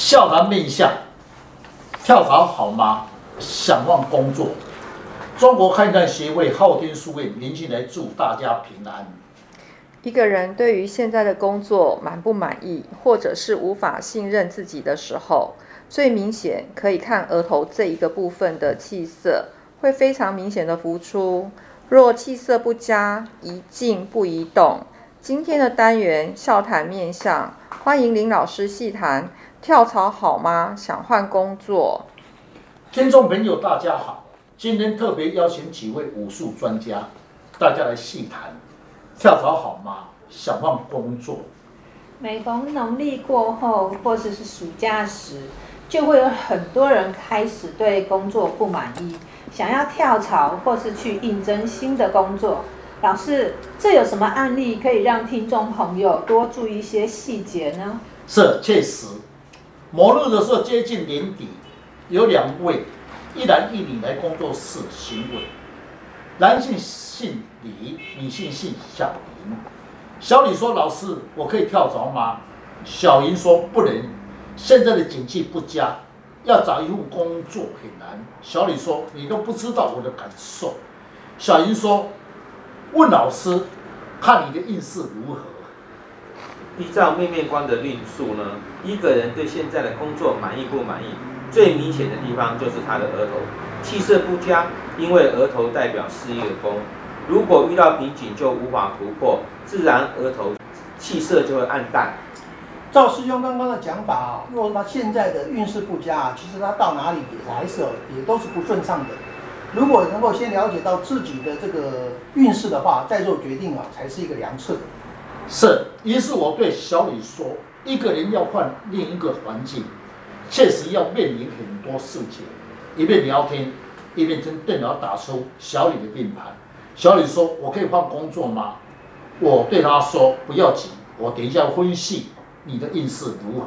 笑談面相，跳槽好嗎？想換工作？中國堪輿推展協會昊天書院林進來祝大家平安。一個人對於現在的工作滿不滿意，或者是無法信任自己的時候，最明顯可以看額頭這一個部分的氣色，會非常明顯的浮出。若氣色不佳，宜靜不宜動。今天的單元笑談面相，歡迎林老師細談跳槽好嗎？想換工作。聽眾朋友大家好，今天特別邀請幾位武術專家，大家來細談跳槽好嗎？想換工作。每逢農曆過後，或是是暑假時，就會有很多人開始對工作不滿意，想要跳槽或是去應徵新的工作。老師，這有什麼案例可以讓聽眾朋友多注意一些細節呢？是確實，某日的時候接近年底，有兩位一男一女來工作室詢問。男性姓李，女性姓小林。小李說：“老師，我可以跳槽嗎？”小林說：“不能，現在的景氣不佳，要找一份工作很難。”小李說：“你都不知道我的感受。”小林說。問老師，看你的運勢如何？依照面面觀的論述呢，一個人對現在的工作滿意不滿意？最明顯的地方就是他的額頭，氣色不佳，因為額頭代表事業宮，如果遇到瓶頸就無法突破，自然額頭氣色就會暗淡。趙師兄剛剛的講法，如果他現在的運勢不佳，其實他到哪裡也來走也都是不順暢的。如果能夠先了解到自己的這個運勢的話，再做決定啊，才是一個良策。是，於是我對小李說：“一個人要換另一個環境，確實要面臨很多事情。”一邊聊天，一邊從電腦打出小李的命盤。小李說：“我可以換工作嗎？”我對他說：“不要緊，我等一下分析你的運勢如何。”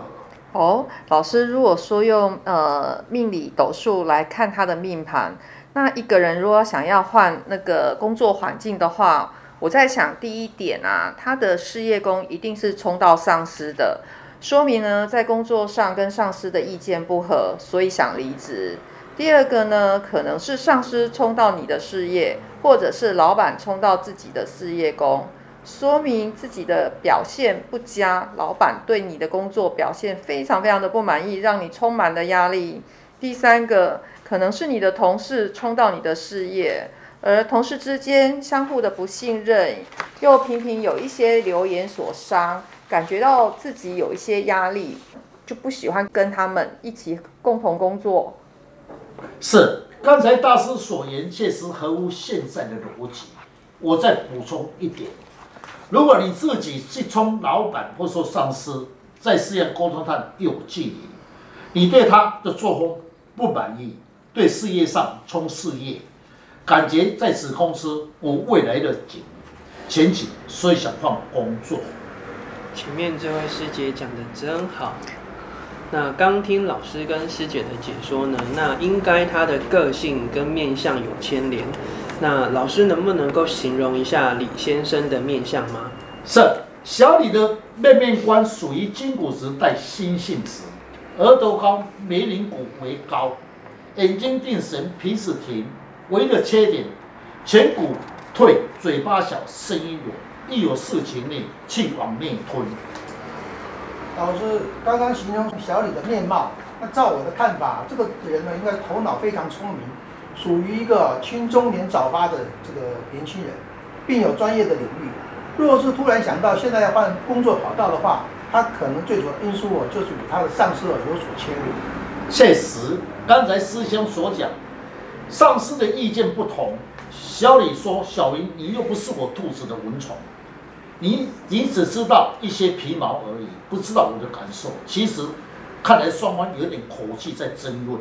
哦，老師，如果說用呃命理斗數來看他的命盤。那一個人如果想要換那個工作環境的話，我在想第一點啊，他的事業宮一定是沖到上司的，說明呢在工作上跟上司的意見不合，所以想離職。第二個呢，可能是上司沖到你的事業，或者是老板沖到自己的事業宮，說明自己的表現不佳，老板對你的工作表現非常非常的不滿意，讓你充滿了壓力。第三個。可能是你的同事衝到你的事業，而同事之間相互的不信任，又頻頻有一些流言所傷，感覺到自己有一些壓力，就不喜歡跟他們一起共同工作。是，剛才大師所言確實合乎現在的邏輯。我再補充一點，如果你自己去衝老板或說上司，在事業溝通上有距離，你對他的作風不滿意。對事業上衝事業，感覺在此公司無未來的景前景，所以想換工作。前面這位師姐講得真好。那剛聽老師跟師姐的解說呢，那應該他的個性跟面相有牽連。那老師能不能夠形容一下李先生的面相嗎？是小李的面面觀屬於筋骨質帶心性質，額頭高，眉稜骨為高。眼睛定神，鼻子挺，唯一的缺點，顴骨退，嘴巴小，聲音軟。一有事情呢，氣往面吞。老師剛剛形容小李的面貌，那照我的看法，這個人呢，應該頭腦非常聰明，屬於一個青中年早发的這個年輕人，並有專業的領域。若是突然想到現在要換工作跑道的話，他可能最主要因素就是與他的上司有所牽連。現實。剛才師兄所講，上司的意見不同。小李說：“小雲，你又不是我肚子的蚊蟲，你你只知道一些皮毛而已，不知道我的感受。”其實，看來雙方有點口氣在爭論。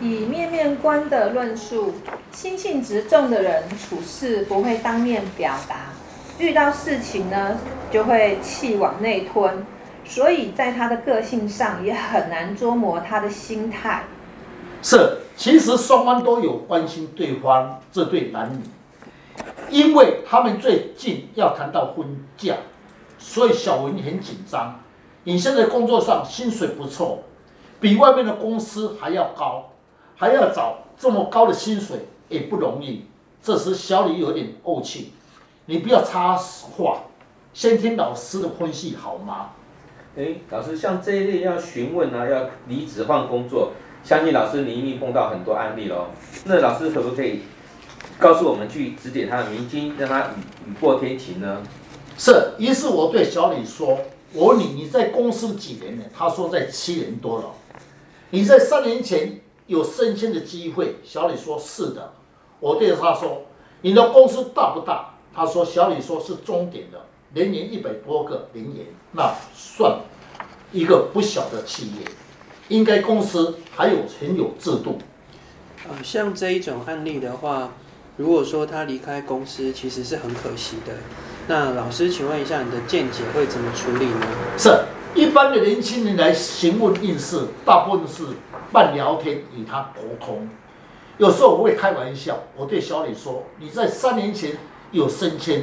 以面面觀的論述，心性持重的人處事不會當面表達，遇到事情呢就會氣往內吞。所以在他的個性上也很難捉摸他的心態。是,其實雙方都有關心對方，這對男女，因為他們最近要談到婚嫁，所以小文很緊張。你現在工作上薪水不錯，比外面的公司還要高，還要找這麼高的薪水也不容易。這時小李有點慪氣，你不要插話，先聽老師的分析好嗎？哎，老師，像這一類要詢問啊，要離職換工作，相信老師你一定碰到，很多案例嘍。那老師可不可以告訴我們去指點他的迷津，讓他雨雨過天晴呢？是，於是我對小李說：“我問你，你在公司幾年了？”他說：“在七年多了。”你在三年前有升遷的機會？小李說：“是的。”我對他說：“你的公司大不大？”他說：“小李說是中等的。”年年一百多個，年年那算一個不小的企業，應該公司還有很有制度。呃，像這一種案例的話，如果說他離開公司，其實是很可惜的。那老師，請問一下你的見解會怎麼處理呢？是一般的年輕人來詢問應試，大部分是半聊天與他溝通，有時候我會開玩笑。我對小李說：“你在三年前有升遷。”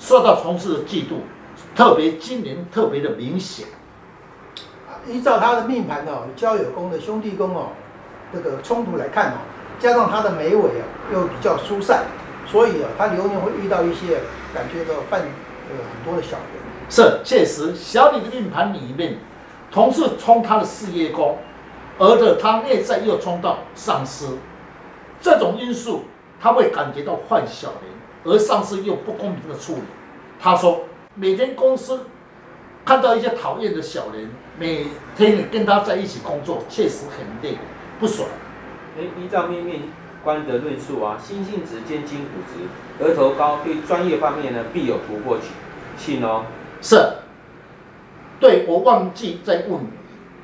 受到同事的嫉妒，特別今年特別的明顯。依照他的命盤哦、啊，交友宮的兄弟宮哦、啊，這個衝突來看哦、啊，加上他的眉尾啊又比較疏散，所以啊，他流年會遇到一些感覺到犯呃很多的小人。是，確實，小李的命盤裡面，同事衝他的事業宮，而且他內在又衝到上司，這種因素。他會感覺到犯小人，而上司又不公平的處理。他說，每天公司看到一些討厭的小人，每天你跟他在一起工作，確實肯定不爽。誒，依照面面觀的論述啊，心性直堅，筋骨質，額頭高，對專業方面呢必有突破去。信哦，是，對我忘記再問你。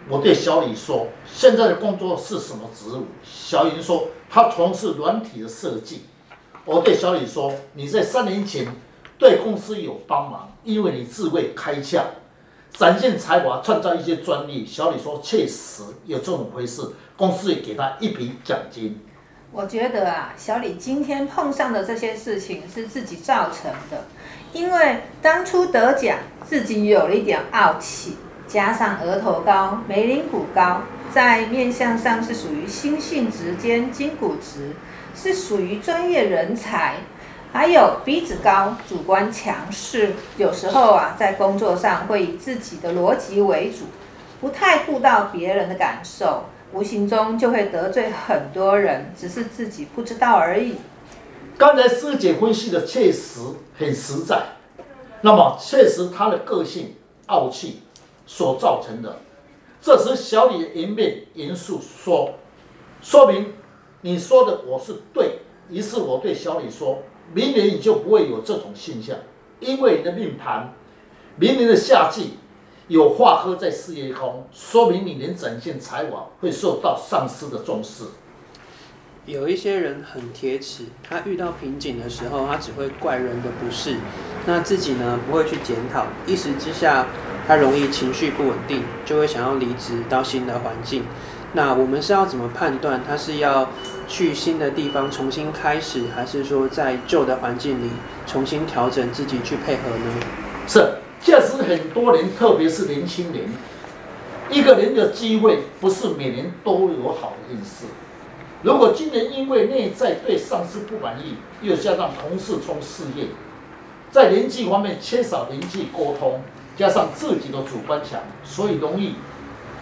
我對小李說：“現在的工作是什麼職務？”小雲說：“他從事軟體的設計。”我對小李說：“你在三年前對公司有幫忙，因為你智慧開竅，展現才華，創造一些專利。”小李說：“確實有這種回事，公司也給他一筆獎金。”我覺得啊，小李今天碰上的這些事情是自己造成的，因為當初得獎，自己有了一點傲氣。加上額頭高、眉稜骨高，在面相上是屬於心性直、間筋骨直，是屬於專業人才。還有鼻子高，主觀強勢，有時候啊，在工作上會以自己的邏輯為主，不太顧到別人的感受，無形中就會得罪很多人，只是自己不知道而已。剛才師姐分析的確實很實在，那麼確實他的個性傲氣，所造成的。這時，小李嚴面嚴肅說：“說明你說的我是對。”於是我對小李說：“明年你就不會有這種現象，因為你的命盤，明年的夏季有化科在事業宮，說明你能展現才華，會受到上司的重視。”有一些人很鐵齒，他遇到瓶頸的時候，他只會怪人的不是，那自己呢，不會去檢討，一時之下，他容易情緒不穩定，就會想要離職到新的環境。那我們是要怎麼判斷他是要去新的地方重新開始，還是說在舊的環境裡重新調整自己去配合呢？是，確實很多人，特別是年輕人，一個人的機會不是每年都有好的運勢。如果今年因為內在對上司不滿意，又加上同事沖事業，在人際方面缺少人際溝通，加上自己的主觀強，所以容易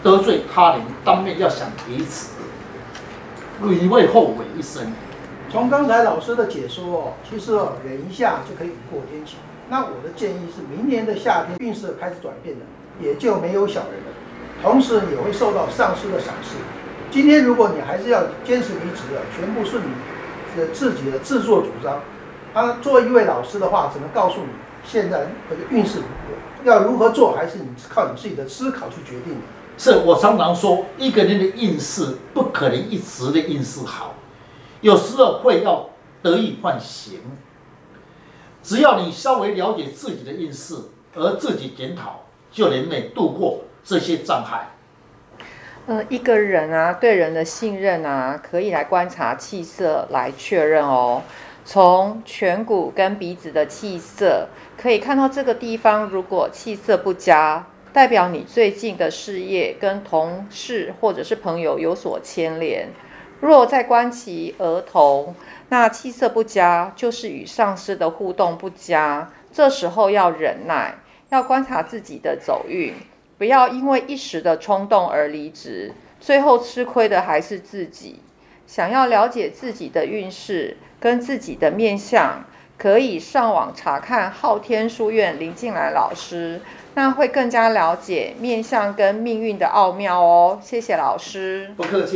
得罪他人，當面要想彼此，你會後悔一生。從剛才老師的解說，其實忍一下就可以雨過天晴。那我的建議是，明年的夏天運勢開始轉變了，也就沒有小人了，同時也會受到上司的賞識。今天如果你還是要堅持離職的，全部是你自己的自作主張。他、啊、作為一位老師的話，只能告訴你現在這個運勢如何，要如何做，還是你靠你自己的思考去決定的。是，我常常說，一個人的運勢不可能一直的運勢好，有時候會要得意忘形。只要你稍微了解自己的運勢，而自己檢討，就能夠度過這些障礙。呃、嗯，一個人啊，對人的信任啊，可以來觀察氣色來確認哦。從顴骨跟鼻子的氣色，可以看到這個地方如果氣色不佳，代表你最近的事業跟同事或者是朋友有所牽連。若再觀其額頭，那氣色不佳，就是與上司的互動不佳。這時候要忍耐，要觀察自己的走運。不要因為一時的衝動而離職，最後吃虧的還是自己。想要了解自己的運勢跟自己的面相，可以上網查看昊天書院林進來老師，那會更加了解面相跟命運的奧妙哦。謝謝老師，不客氣。